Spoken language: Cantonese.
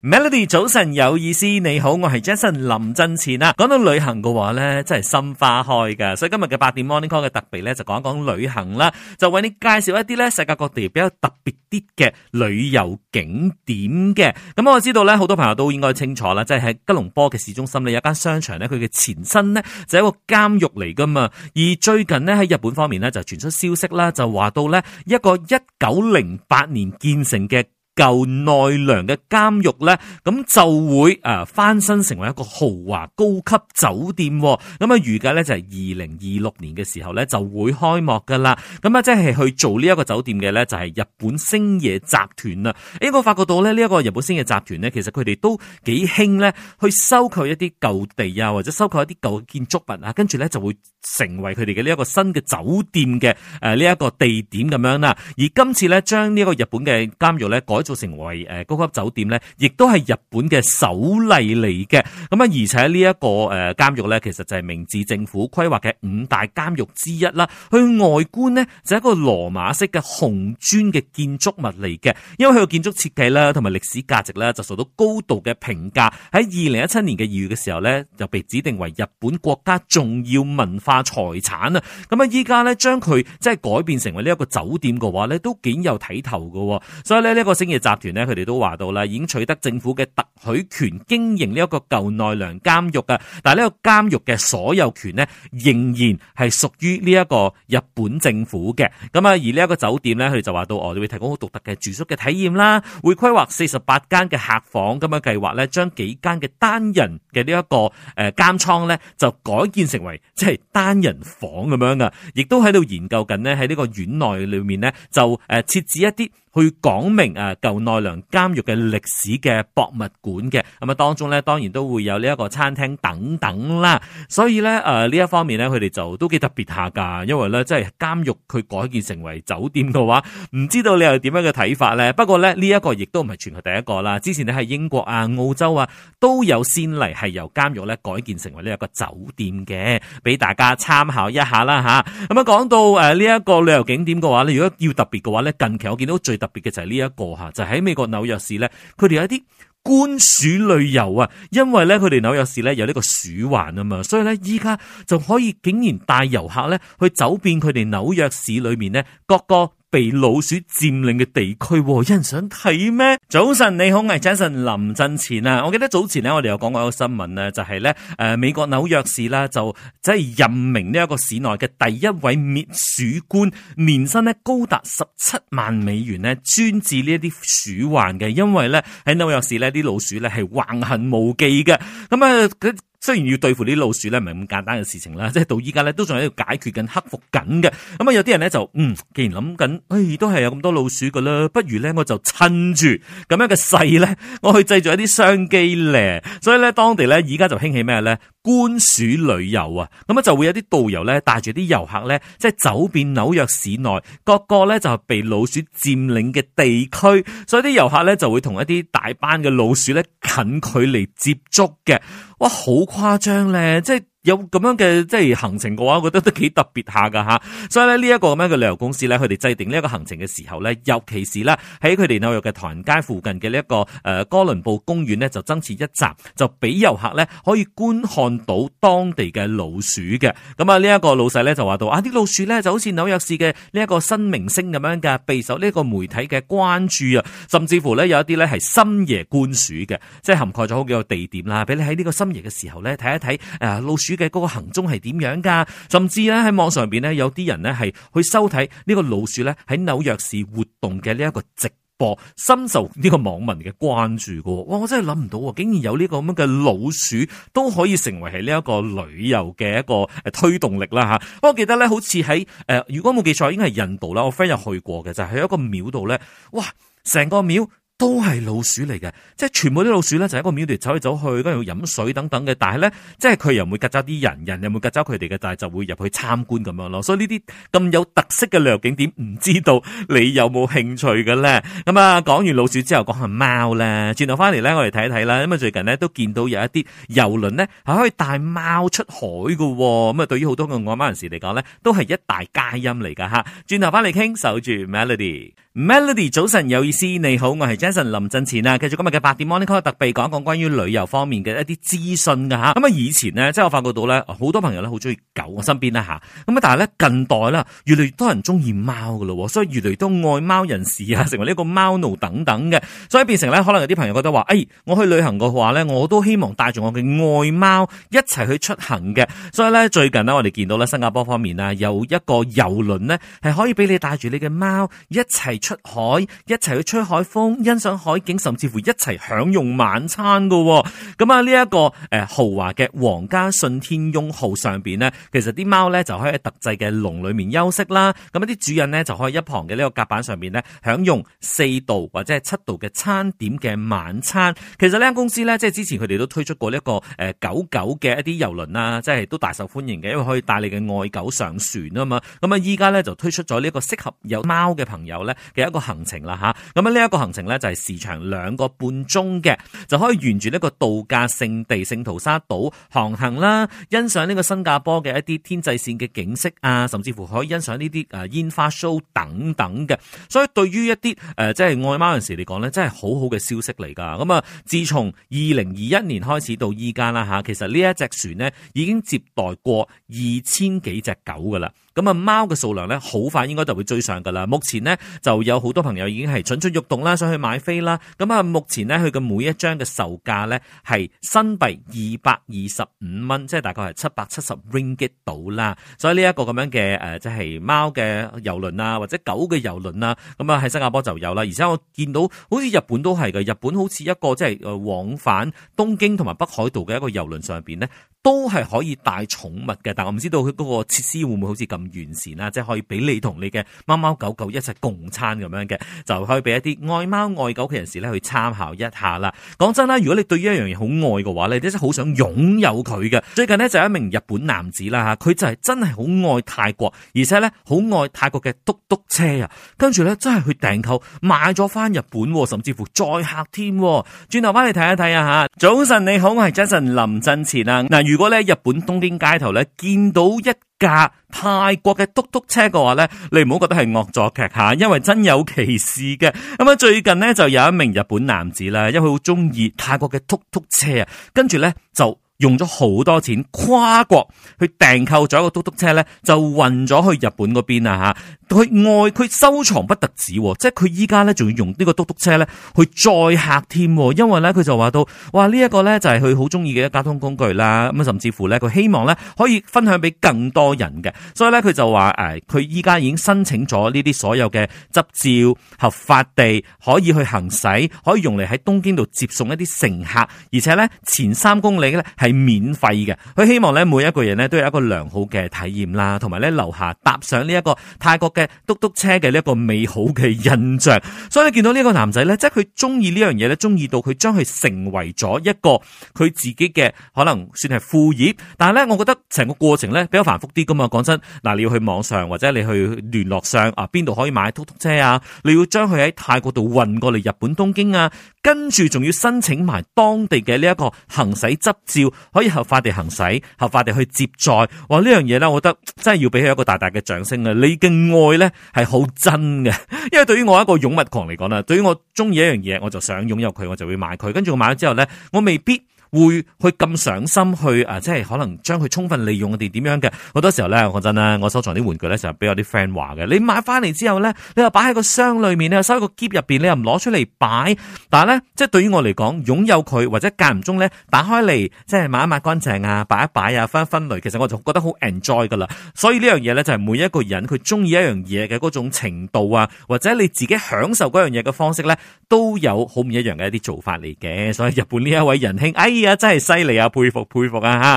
Melody，早晨有意思，你好，我係 Jason 林振前啦。講到旅行嘅話咧，真係心花開噶，所以今日嘅八點 Morning Call 嘅特別咧，就講一講旅行啦，就為你介紹一啲咧世界各地比較特別啲嘅旅遊景點嘅。咁我知道咧，好多朋友都應該清楚啦，即係喺吉隆坡嘅市中心咧有間商場咧，佢嘅前身呢，就係一個監獄嚟噶嘛。而最近呢，喺日本方面呢，就傳出消息啦，就話到呢一個一九零八年建成嘅。舊奈良嘅監獄呢，咁就會啊翻新成為一個豪華高級酒店。咁啊，預計呢就係二零二六年嘅時候呢，就會開幕噶啦。咁啊，即係去做呢一個酒店嘅呢，就係日本星野集團啊。應我發覺到呢，呢一個日本星野集團呢，其實佢哋都幾興呢去收購一啲舊地啊，或者收購一啲舊建築物啊，跟住呢，就會成為佢哋嘅呢一個新嘅酒店嘅誒呢一個地點咁樣啦。而今次呢，將呢個日本嘅監獄呢改。做成為誒高級酒店呢，亦都係日本嘅首例嚟嘅。咁啊，而且呢一個誒監獄呢，其實就係明治政府規劃嘅五大監獄之一啦。佢外觀呢，就一個羅馬式嘅紅磚嘅建築物嚟嘅，因為佢嘅建築設計啦同埋歷史價值呢，就受到高度嘅評價。喺二零一七年嘅二月嘅時候呢，就被指定為日本國家重要文化財產啊。咁啊，依家呢，將佢即係改變成為呢一個酒店嘅話呢，都幾有睇頭㗎。所以呢，呢一個星期。集團咧，佢哋都話到啦，已經取得政府嘅特許權經營呢一個舊奈良監獄啊。但係呢個監獄嘅所有權呢，仍然係屬於呢一個日本政府嘅。咁啊，而呢一個酒店呢，佢哋就話到，我哋會提供好獨特嘅住宿嘅體驗啦，會規劃四十八間嘅客房。咁樣計劃呢，將幾間嘅單人嘅呢一個誒監倉咧，就改建成為即係單人房咁樣噶，亦都喺度研究緊呢，喺呢個院內裏面呢，就誒設置一啲。去講明啊，舊奈良監獄嘅歷史嘅博物館嘅，咁啊當中咧，當然都會有呢一個餐廳等等啦。所以咧，誒呢一方面咧，佢哋就都幾特別下噶。因為咧，即係監獄佢改建成為酒店嘅話，唔知道你又點樣嘅睇法咧？不過咧，呢一個亦都唔係全球第一個啦。之前你喺英國啊、澳洲啊都有先例係由監獄咧改建成為呢一個酒店嘅，俾大家參考一下啦吓。咁啊講到誒呢一個旅遊景點嘅話咧，如果要特別嘅話咧，近期我見到最特別嘅就係呢一個吓，就喺、是、美國紐約市咧，佢哋有一啲官鼠旅遊啊，因為咧佢哋紐約市咧有呢個鼠患啊嘛，所以咧依家就可以竟然帶遊客咧去走遍佢哋紐約市裏面咧各個。被老鼠佔領嘅地區，有人想睇咩？早晨你好，係 Jason 林振前啊。我記得早前咧，我哋有講過一個新聞啊，就係咧，誒，美國紐約市啦，就即係任命呢一個市內嘅第一位滅鼠官，年薪呢高達十七萬美元呢，專治呢一啲鼠患嘅，因為咧喺紐約市呢啲老鼠咧係橫行無忌嘅，咁、嗯、啊。雖然要對付呢啲老鼠咧，唔係咁簡單嘅事情啦，即係到依家咧都仲喺度解決緊、克服緊嘅。咁啊，有啲人咧就嗯，既然諗緊，哎，都係有咁多老鼠噶啦，不如咧我就趁住咁樣嘅勢咧，我去製造一啲商機咧。所以咧，當地咧而家就興起咩咧？官鼠旅遊啊，咁啊就會有啲導遊咧帶住啲遊客咧，即係走遍紐約市內各個咧就係被老鼠佔領嘅地區，所以啲遊客咧就會同一啲大班嘅老鼠咧近距離接觸嘅，哇，好誇張咧，即係。有咁樣嘅即係行程嘅話，我覺得都幾特別下噶吓，所以咧呢一個咁樣嘅旅遊公司咧，佢哋制定呢一個行程嘅時候咧，尤其是咧喺佢哋紐約嘅唐人街附近嘅呢一個誒哥倫布公園呢就增設一集，就俾遊客咧可以觀看到當地嘅老鼠嘅。咁啊呢一個老細咧就話到啊啲老鼠咧就好似紐約市嘅呢一個新明星咁樣嘅，備受呢一個媒體嘅關注啊，甚至乎咧有一啲咧係深夜觀鼠嘅，即係涵蓋咗好幾個地點啦，俾你喺呢個深夜嘅時候咧睇一睇誒老鼠。主嘅嗰個行蹤係點樣噶？甚至咧喺網上邊咧，有啲人呢係去收睇呢個老鼠咧喺紐約市活動嘅呢一個直播，深受呢個網民嘅關注嘅。哇！我真係諗唔到，竟然有呢個咁樣嘅老鼠都可以成為係呢一個旅遊嘅一個誒推動力啦吓！不過我記得咧，好似喺誒，如果冇記錯，應該係印度啦，我 friend 有去過嘅，就係喺一個廟度咧，哇！成個廟。都係老鼠嚟嘅，即係全部啲老鼠咧，就喺個廟度走嚟走去，跟住要飲水等等嘅。但係咧，即係佢又唔會隔走啲人，人又唔會隔走佢哋嘅，但係就會入去參觀咁樣咯。所以呢啲咁有特色嘅旅遊景點，唔知道你有冇興趣嘅咧？咁、嗯、啊，講完老鼠之後，講下貓呢。轉頭翻嚟咧，我哋睇一睇啦。因為最近咧都見到有一啲遊輪咧係可以帶貓出海喎、喔。咁啊，對於好多嘅愛貓人士嚟講咧，都係一大佳音嚟噶吓。轉頭翻嚟傾，守住 Melody。Melody 早晨有意思，你好，我係 Jason 林振前啊。繼續今日嘅八點 Morning Call 特備，講一講關於旅遊方面嘅一啲資訊嘅吓。咁啊，以前呢，即係我發覺到咧，好多朋友咧好中意狗，我身邊啦吓。咁啊，但係咧近代啦，越嚟越多人中意貓噶咯，所以越嚟越多愛貓人士啊，成為呢個貓奴等等嘅。所以變成咧，可能有啲朋友覺得話，誒、哎，我去旅行嘅話咧，我都希望帶住我嘅愛貓一齊去出行嘅。所以咧，最近呢，我哋見到咧，新加坡方面啊，有一個郵輪呢，係可以俾你帶住你嘅貓一齊，出海一齊去吹海風，欣賞海景，甚至乎一齊享用晚餐噶、哦。咁啊，呢一個誒豪華嘅皇家順天翁號上邊呢，其實啲貓呢就可以喺特製嘅籠裏面休息啦。咁一啲主人呢，就可以一旁嘅呢個甲板上邊呢，享用四道或者係七道嘅餐點嘅晚餐。其實呢間公司呢，即係之前佢哋都推出過呢一個誒狗狗嘅一啲遊輪啦，即係都大受歡迎嘅，因為可以帶你嘅愛狗上船啊嘛。咁啊，依家呢，就推出咗呢一個適合有貓嘅朋友呢。嘅一個行程啦嚇，咁啊呢一個行程呢，就係時長兩個半鐘嘅，就可以沿住呢個度假勝地聖淘沙島航行啦，欣賞呢個新加坡嘅一啲天際線嘅景色啊，甚至乎可以欣賞呢啲誒煙花 show 等等嘅。所以對於一啲誒、呃、即係愛貓人士嚟講呢，真係好好嘅消息嚟噶。咁啊，自從二零二一年開始到依家啦嚇，其實呢一隻船呢已經接待過二千幾隻狗噶啦。咁啊，貓嘅數量咧，好快應該就會追上噶啦。目前呢，就有好多朋友已經係蠢蠢欲動啦，想去買飛啦。咁啊，目前呢，佢嘅每一張嘅售價呢，係新幣二百二十五蚊，即係大概係七百七十 ringgit 到啦。所以呢一個咁樣嘅誒，即係貓嘅遊輪啊，或者狗嘅遊輪啊，咁啊喺新加坡就有啦。而且我見到好似日本都係嘅，日本好似一個即係往返東京同埋北海道嘅一個遊輪上面呢，都係可以帶寵物嘅。但我唔知道佢嗰個設施會唔會好似咁。完善啦，即係可以俾你同你嘅貓貓狗狗一齊共餐咁樣嘅，就可以俾一啲愛貓愛狗嘅人士咧去參考一下啦。講真啦，如果你對於一樣嘢好愛嘅話咧，你真係好想擁有佢嘅。最近呢，就有一名日本男子啦吓，佢就係真係好愛泰國，而且呢，好愛泰國嘅嘟嘟車啊，跟住呢，真係去訂購買咗翻日本，甚至乎載客添。轉頭翻嚟睇一睇啊吓，早晨你好，我係 Jason 林振前啊。嗱，如果呢，日本東京街頭呢，見到一。架泰國嘅嘟嘟車嘅話咧，你唔好覺得係惡作劇吓，因為真有其事嘅。咁啊，最近咧就有一名日本男子啦，因為佢好中意泰國嘅嘟嘟車啊，跟住咧就。用咗好多錢，跨國去訂購咗一個嘟嘟車咧，就運咗去日本嗰邊啊！吓，佢外佢收藏不得止，即係佢依家咧仲要用呢個嘟嘟車咧去載客添，因為咧佢就話到，哇！呢一個咧就係佢好中意嘅交通工具啦，咁啊甚至乎咧佢希望咧可以分享俾更多人嘅，所以咧佢就話誒，佢依家已經申請咗呢啲所有嘅執照，合法地可以去行駛，可以用嚟喺東京度接送一啲乘客，而且咧前三公里咧係係免費嘅，佢希望咧每一個人咧都有一個良好嘅體驗啦，同埋咧留下搭上呢一個泰國嘅嘟嘟車嘅呢一個美好嘅印象。所以你見到呢個男仔咧，即係佢中意呢樣嘢咧，中意到佢將佢成為咗一個佢自己嘅可能算係副業。但係咧，我覺得成個過程咧比較繁複啲噶嘛。講真，嗱你要去網上或者你去聯絡上啊，邊度可以買嘟嘟車啊？你要將佢喺泰國度運過嚟日本東京啊？跟住仲要申請埋當地嘅呢一個行駛執照，可以合法地行駛，合法地去接載。哇！呢樣嘢呢，我覺得真係要俾佢一個大大嘅掌聲啊！你嘅愛呢係好真嘅，因為對於我一個擁物狂嚟講啦，對於我中意一樣嘢，我就想擁有佢，我就會買佢。跟住我買咗之後呢，我未必，會去咁上心去啊，即係可能將佢充分利用我哋點樣嘅，好多時候咧，我講真啦，我收藏啲玩具咧，成日俾我啲 friend 話嘅，你買翻嚟之後咧，你又擺喺個箱裏面咧，收喺個箧入邊，你又唔攞出嚟擺，但係咧，即係對於我嚟講，擁有佢或者間唔中咧打開嚟，即係抹一抹乾淨啊，擺一擺啊，分一分類，其實我就覺得好 enjoy 噶啦。所以呢樣嘢咧，就係每一個人佢中意一樣嘢嘅嗰種程度啊，或者你自己享受嗰樣嘢嘅方式咧，都有好唔一樣嘅一啲做法嚟嘅。所以日本呢一位仁兄，哎呀！真係犀利啊，佩服佩服啊，吓！